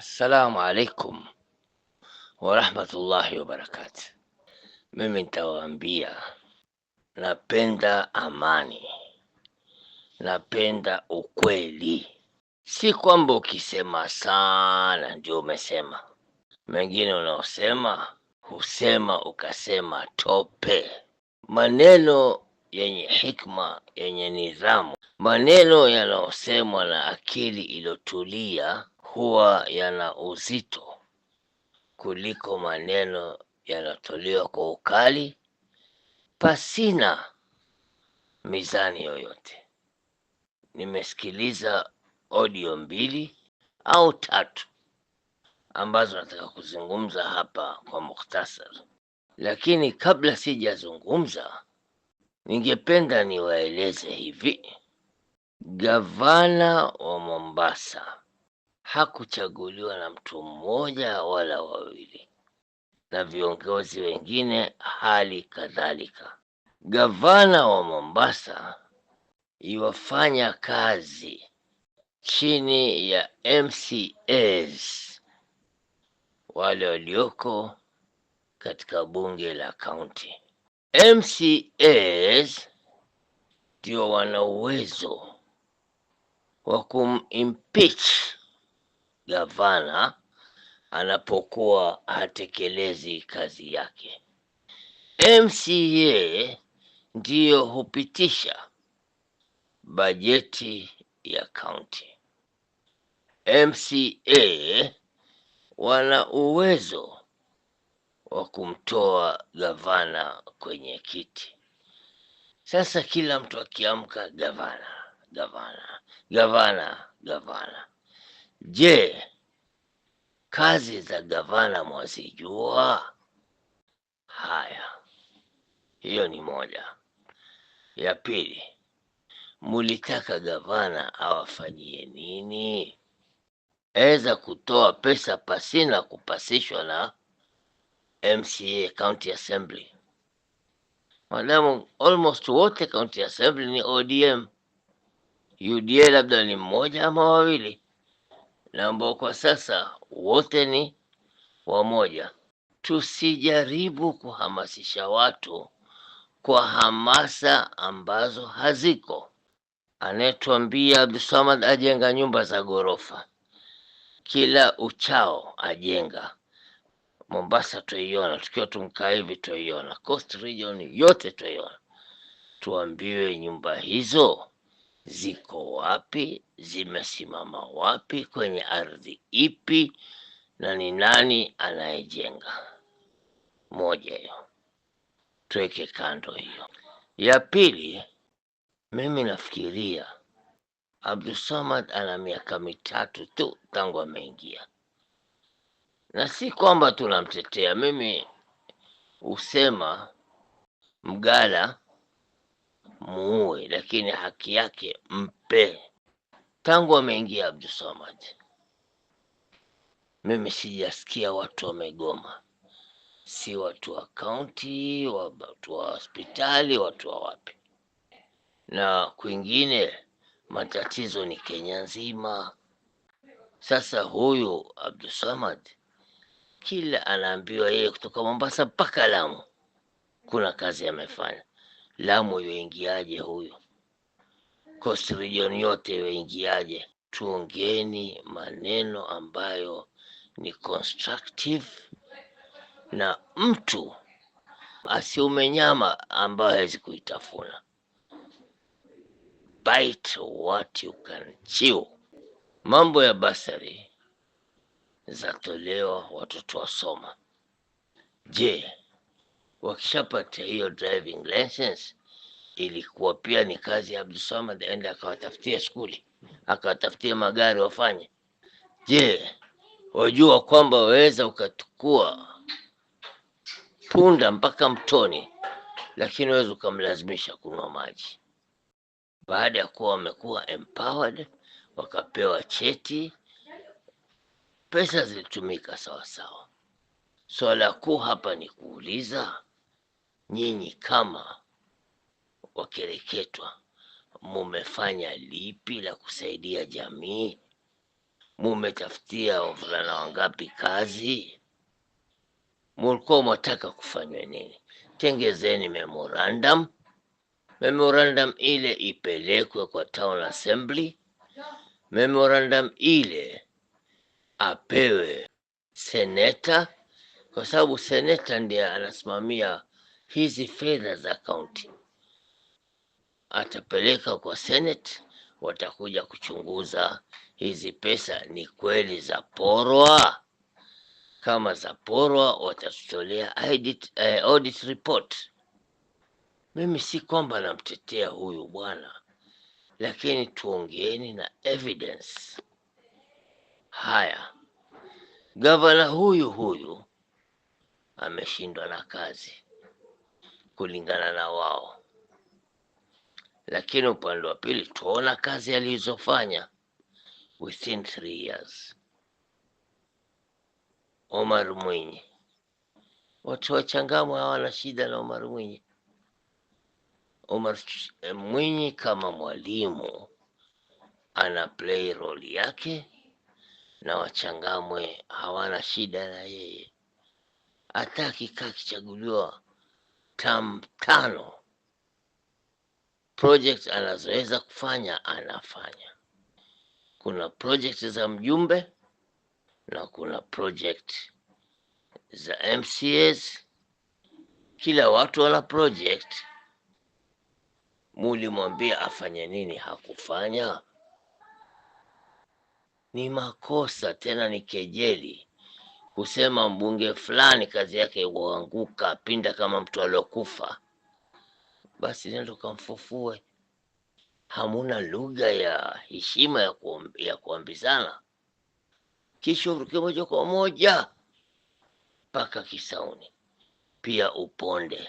Assalamu alaikum warahmatullahi wabarakatu. Mimi nitawaambia napenda amani, napenda ukweli. Si kwamba ukisema sana ndio umesema. Mengine unaosema husema ukasema tope. Maneno yenye hikma, yenye nidhamu. Maneno yanayosemwa na akili iliyotulia huwa yana uzito kuliko maneno yanayotolewa kwa ukali pasina mizani yoyote. Nimesikiliza audio mbili au tatu ambazo nataka kuzungumza hapa kwa mukhtasar, lakini kabla sijazungumza Ningependa niwaeleze hivi, gavana wa Mombasa hakuchaguliwa na mtu mmoja wala wawili, na viongozi wengine hali kadhalika. Gavana wa Mombasa iwafanya kazi chini ya MCAs wale walioko katika bunge la kaunti. MCAs ndio wana uwezo wa kumimpeach gavana anapokuwa hatekelezi kazi yake. MCA ndiyo hupitisha bajeti ya kaunti. MCA wana uwezo wa kumtoa gavana kwenye kiti. Sasa kila mtu akiamka gavana, gavana, gavana, gavana. Je, kazi za gavana mwazijua? Haya, hiyo ni moja. Ya pili, mulitaka gavana awafanyie nini? Aweza kutoa pesa pasina kupasishwa na MCA county assembly. Madamu almost wote county assembly ni ODM, UDA labda ni mmoja ama wawili, na ambao kwa sasa wote ni wamoja. Tusijaribu kuhamasisha watu kwa hamasa ambazo haziko. Anayetuambia Abdulsamad ajenga nyumba za ghorofa, kila uchao ajenga Mombasa tuiona, tukiwa tumkaa hivi tuiona, Coast Region yote tuiona, Tuambiwe nyumba hizo ziko wapi, zimesimama wapi, kwenye ardhi ipi, na ni nani anayejenga. Moja hiyo tuweke kando hiyo. Ya pili, mimi nafikiria Abdulsamad ana miaka mitatu tu tangu ameingia na si kwamba tunamtetea. Mimi husema mgala muue, lakini haki yake mpe. Tangu ameingia samad mimi sijasikia watu wamegoma, si watu wa kaunti, watu wa hospitali, watu wa wapi na kwingine. Matatizo ni Kenya nzima. Sasa huyu samad kila anaambiwa yeye kutoka Mombasa mpaka Lamu kuna kazi amefanya. Lamu yoingiaje huyu? Coast region yote yoingiaje? Tuongeni maneno ambayo ni constructive na mtu asiume nyama ambayo hawezi kuitafuna. Bite what you can chew. Mambo ya basari zatolewa watoto wasoma. Je, wakishapata hiyo driving license ilikuwa pia ni kazi ya Samad aende akawatafutia skuli akawatafutia magari wafanye? Je, wajua kwamba waweza ukatukua punda mpaka mtoni, lakini waweza ukamlazimisha kunywa maji? Baada ya kuwa wamekuwa empowered, wakapewa cheti pesa zilitumika sawasawa. Swala kuu hapa ni kuuliza nyinyi kama wakereketwa, mumefanya lipi la kusaidia jamii? Mumetafutia wavulana wangapi kazi? Mulikuwa mwataka kufanywa nini? Tengezeni memorandum. Memorandum ile ipelekwe kwa town assembly. Memorandum ile apewe seneta, kwa sababu seneta ndiye anasimamia hizi fedha za kaunti. Atapeleka kwa senet watakuja kuchunguza hizi pesa ni kweli za porwa. Kama za porwa, watatutolea audit, eh, audit report. Mimi si kwamba namtetea huyu bwana, lakini tuongeeni na evidence. Haya, gavana huyu huyu ameshindwa na kazi kulingana na wao, lakini upande wa pili tuona kazi alizofanya within three years. Omar Mwinyi, watu wa Changamwe hawana shida na Omar Mwinyi. Omar Mwinyi kama mwalimu ana play role yake na Wachangamwe hawana shida na yeye. Hata akikaa akichaguliwa tam tano, project anazoweza kufanya anafanya. Kuna project za mjumbe na kuna project za MCAs. Kila watu wana project, mulimwambia afanye nini, hakufanya ni makosa tena ni kejeli kusema mbunge fulani kazi yake kuanguka pinda kama mtu aliokufa, basi nenda ukamfufue. Hamuna lugha ya heshima ya, kuambi, ya kuambizana, kisha uruke moja kwa moja mpaka Kisauni, pia uponde,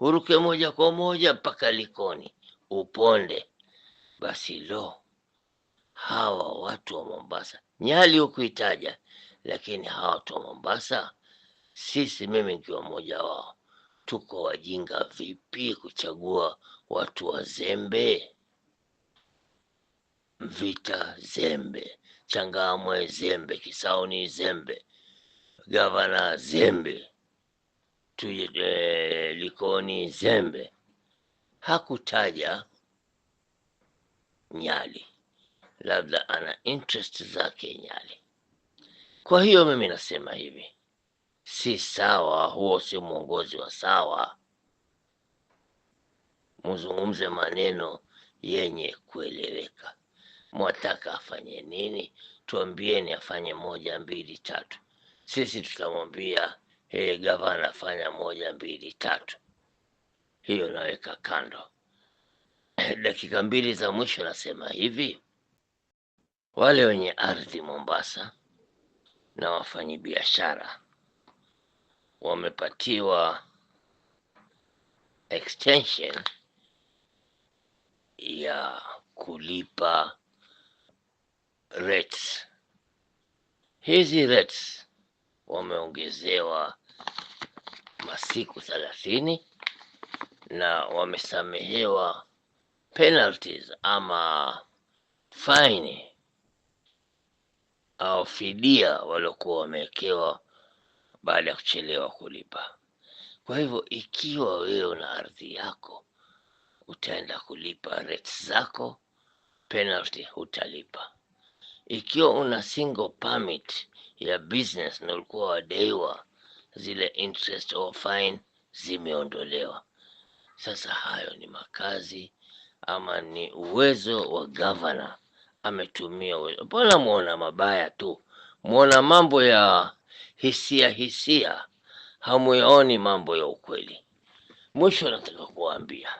uruke moja kwa moja mpaka Likoni, uponde. Basi lo hawa watu wa Mombasa. Nyali hukuitaja, lakini hawa watu wa Mombasa, sisi, mimi nikiwa mmoja wao, tuko wajinga vipi kuchagua watu wazembe? Mvita zembe, Changamwe zembe, Kisauni zembe, gavana zembe, tuje eh, Likoni zembe. Hakutaja Nyali labda ana interest zake Nyali. Kwa hiyo mimi nasema hivi, si sawa, huo sio mwongozi wa sawa. Muzungumze maneno yenye kueleweka. Mwataka afanye nini? Tuambieni afanye moja, mbili, tatu. Sisi tutamwambia hey, gavana afanya moja, mbili, tatu. Hiyo naweka kando. Dakika mbili za mwisho nasema hivi wale wenye ardhi Mombasa na wafanyabiashara wamepatiwa extension ya kulipa rates. Hizi rates wameongezewa masiku thelathini na wamesamehewa penalties ama fine au fidia waliokuwa wamewekewa baada ya kuchelewa kulipa. Kwa hivyo, ikiwa wewe una ardhi yako, utaenda kulipa rates zako, penalty utalipa. Ikiwa una single permit ya business na ulikuwa wadaiwa, zile interest or fine zimeondolewa. Sasa hayo ni makazi ama ni uwezo wa governor ametumia bwana, mwona mabaya tu, mwona mambo ya hisia hisia, hamuyaoni mambo ya ukweli. Mwisho nataka kuwaambia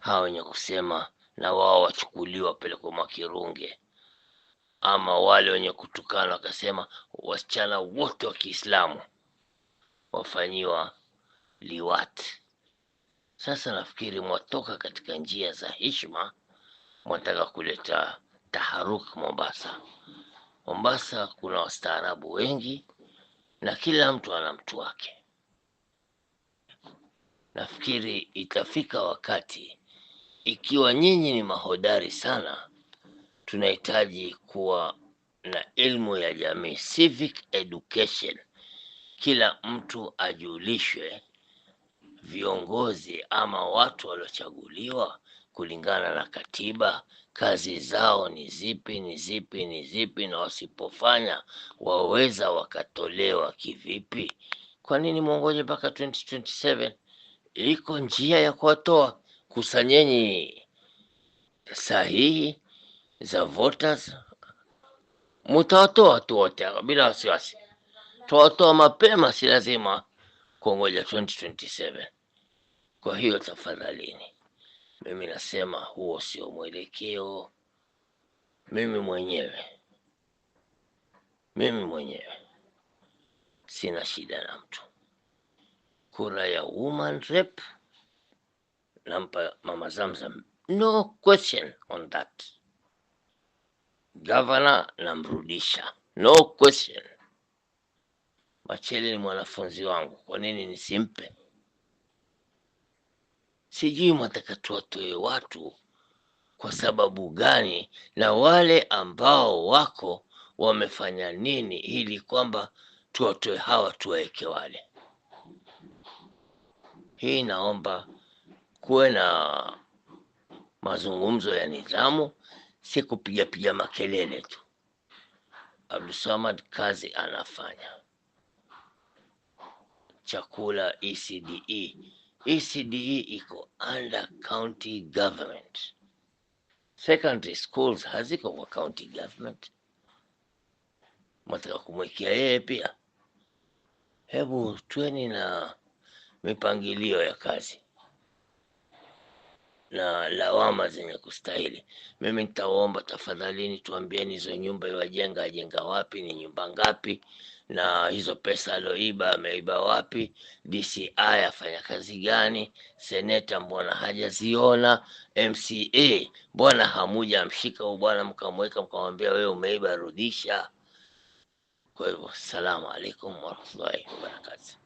hawa wenye kusema na wao wachukuliwa wapelekwa Makirunge, ama wale wenye kutukana wakasema wasichana wote wa Kiislamu wafanyiwa liwat. Sasa nafikiri mwatoka katika njia za heshima mwataka kuleta taharuki Mombasa. Mombasa kuna wastaarabu wengi na kila mtu ana mtu wake. Nafikiri itafika wakati, ikiwa nyinyi ni mahodari sana, tunahitaji kuwa na elimu ya jamii, civic education. Kila mtu ajulishwe, viongozi ama watu waliochaguliwa kulingana na katiba, kazi zao ni zipi ni zipi ni zipi, na wasipofanya waweza wakatolewa kivipi? Kwa nini mwongoje mpaka 2027? Iko njia ya kuwatoa. Kusanyenyi sahihi za voters, mutawatoa watu wote bila wasiwasi. Tuwatoa mapema, si lazima kuongoja 2027. Kwa hiyo tafadhalini mimi nasema huo sio mwelekeo. Mimi mwenyewe mimi mwenyewe sina shida na mtu. Kura ya woman rep nampa mama Zamzam, no question on that. Gavana namrudisha, no question. Machele ni mwanafunzi wangu, kwa nini nisimpe? sijui tuwatoe watu kwa sababu gani, na wale ambao wako wamefanya nini ili kwamba tuwatoe hawa tuwaweke wale. Hii naomba kuwe na mazungumzo ya nidhamu, si kupigapiga makelele tu. Abdulsamad kazi anafanya chakula ECDE ECDE e iko under county government. Secondary schools haziko kwa county government, mataka kumwekea yeye pia. Hebu tueni na mipangilio ya kazi na lawama zenye kustahili. Mimi nitaomba tafadhalini, tuambieni hizo nyumba iwajenga ajenga wapi, ni nyumba ngapi, na hizo pesa alioiba ameiba wapi, DCI afanya kazi gani, seneta mbona hajaziona, MCA mbona hamuja amshika huyu bwana, mkamweka mkamwambia, wewe umeiba, rudisha. Kwa hivyo, salamu alaikum warahmatullahi wabarakatu.